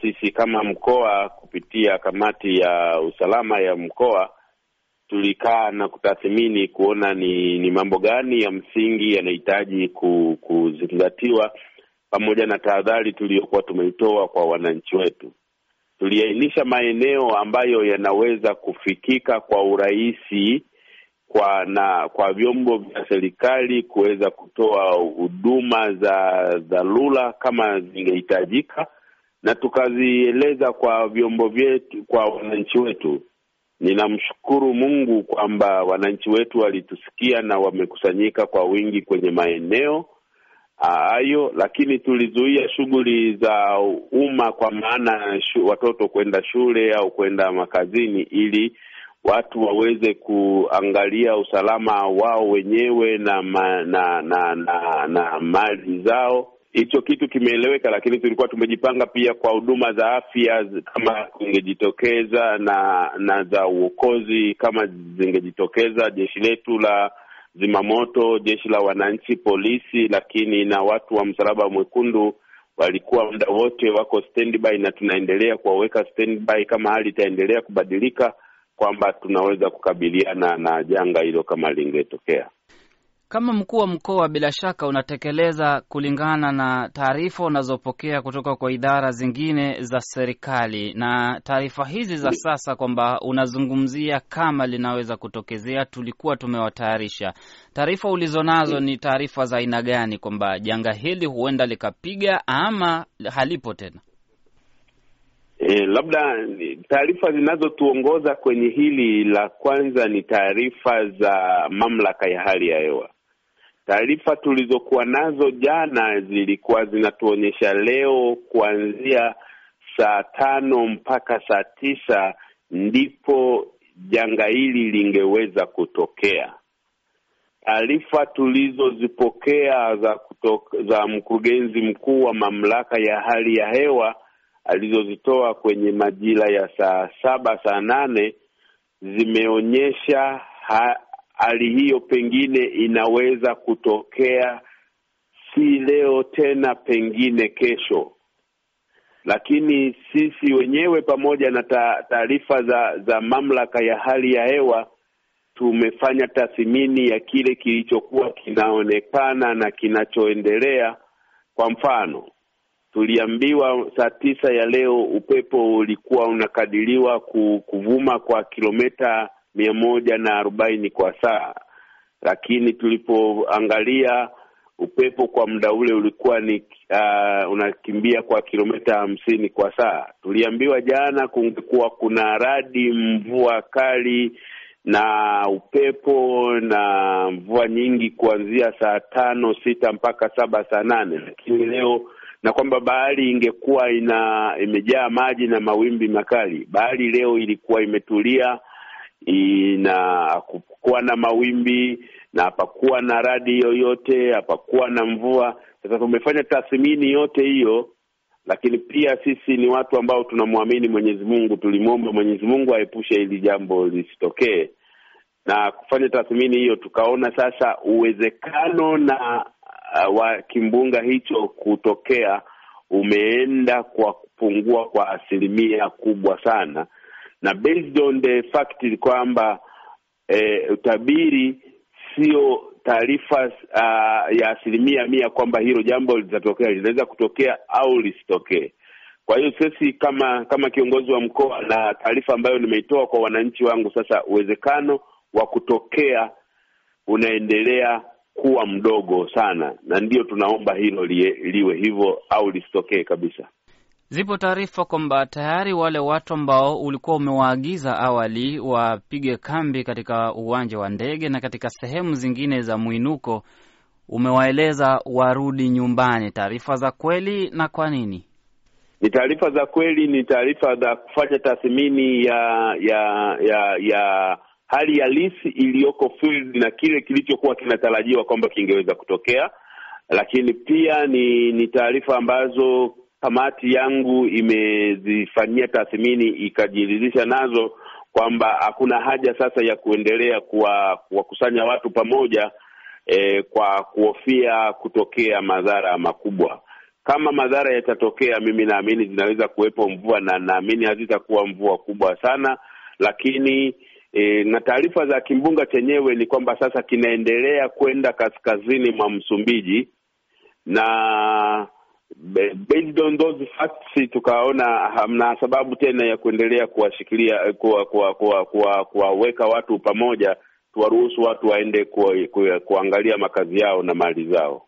sisi kama mkoa kupitia kamati ya usalama ya mkoa tulikaa na kutathmini kuona ni, ni mambo gani ya msingi yanahitaji kuzingatiwa pamoja na tahadhari tuliyokuwa tumeitoa kwa wananchi wetu. Tuliainisha maeneo ambayo yanaweza kufikika kwa urahisi kwa na kwa vyombo vya serikali kuweza kutoa huduma za dharura kama zingehitajika na tukazieleza kwa vyombo vyetu, kwa wananchi wetu. Ninamshukuru Mungu kwamba wananchi wetu walitusikia na wamekusanyika kwa wingi kwenye maeneo ah, hayo, lakini tulizuia shughuli za umma, kwa maana watoto kwenda shule au kwenda makazini, ili watu waweze kuangalia usalama wao wenyewe na, ma, na, na, na, na, na mali zao hicho kitu kimeeleweka, lakini tulikuwa tumejipanga pia kwa huduma za afya kama zingejitokeza na na za uokozi kama zingejitokeza, jeshi letu la zimamoto, jeshi la wananchi, polisi, lakini na watu wa Msalaba Mwekundu walikuwa muda wote wako standby, na tunaendelea kuwaweka standby kama hali itaendelea kubadilika, kwamba tunaweza kukabiliana na janga hilo kama lingetokea. Kama mkuu wa mkoa, bila shaka unatekeleza kulingana na taarifa unazopokea kutoka kwa idara zingine za serikali, na taarifa hizi za sasa kwamba unazungumzia kama linaweza kutokezea, tulikuwa tumewatayarisha. Taarifa ulizonazo ni taarifa za aina gani, kwamba janga hili huenda likapiga ama halipo tena? E, labda taarifa zinazotuongoza kwenye hili la kwanza ni taarifa za mamlaka ya hali ya hewa. Taarifa tulizokuwa nazo jana zilikuwa zinatuonyesha leo kuanzia saa tano mpaka saa tisa ndipo janga hili lingeweza kutokea. Taarifa tulizozipokea za kutoka, za mkurugenzi mkuu wa mamlaka ya hali ya hewa alizozitoa kwenye majira ya saa saba saa nane zimeonyesha hali hiyo pengine inaweza kutokea si leo tena, pengine kesho, lakini sisi wenyewe pamoja na taarifa za za mamlaka ya hali ya hewa tumefanya tathmini ya kile kilichokuwa kinaonekana na kinachoendelea. Kwa mfano, tuliambiwa saa tisa ya leo upepo ulikuwa unakadiriwa kuvuma kwa kilometa mia moja na arobaini kwa saa, lakini tulipoangalia upepo kwa muda ule ulikuwa ni uh, unakimbia kwa kilomita hamsini kwa saa. Tuliambiwa jana kungekuwa kuna radi, mvua kali na upepo na mvua nyingi kuanzia saa tano sita mpaka saba saa nane lakini leo na kwamba bahari ingekuwa ina imejaa maji na mawimbi makali. Bahari leo ilikuwa imetulia kuwa na mawimbi na hapakuwa na radi yoyote, hapakuwa na mvua. Sasa tumefanya tathmini yote hiyo, lakini pia sisi ni watu ambao tunamwamini Mwenyezi Mungu. Tulimwomba Mwenyezi Mungu aepushe hili jambo lisitokee, na kufanya tathmini hiyo tukaona sasa uwezekano na uh, wa kimbunga hicho kutokea umeenda kwa kupungua kwa asilimia kubwa sana na based on the fact kwamba eh, utabiri sio taarifa uh, ya asilimia mia kwamba hilo jambo litatokea, linaweza kutokea au lisitokee. Kwa hiyo sisi kama kama kiongozi wa mkoa na taarifa ambayo nimeitoa kwa wananchi wangu, sasa uwezekano wa kutokea unaendelea kuwa mdogo sana, na ndio tunaomba hilo liwe hivyo au lisitokee kabisa. Zipo taarifa kwamba tayari wale watu ambao ulikuwa umewaagiza awali wapige kambi katika uwanja wa ndege na katika sehemu zingine za mwinuko umewaeleza warudi nyumbani. Taarifa za kweli na kwa nini? Ni taarifa za kweli, ni taarifa za kufanya tathmini ya ya ya ya hali halisi iliyoko field na kile kilichokuwa kinatarajiwa kwamba kingeweza kutokea, lakini pia ni ni taarifa ambazo kamati yangu imezifanyia tathmini ikajiridhisha nazo kwamba hakuna haja sasa ya kuendelea kuwakusanya kuwa watu pamoja eh, kwa kuhofia kutokea madhara makubwa. Kama madhara yatatokea, mimi naamini zinaweza kuwepo mvua, na naamini hazitakuwa mvua kubwa sana, lakini E, na taarifa za kimbunga chenyewe ni kwamba sasa kinaendelea kwenda kaskazini mwa Msumbiji na based on those facts tukaona hamna sababu tena ya kuendelea kuwashikilia kuwaweka eh, kuwa, kuwa, kuwa watu pamoja, tuwaruhusu watu waende kuangalia makazi yao na mali zao.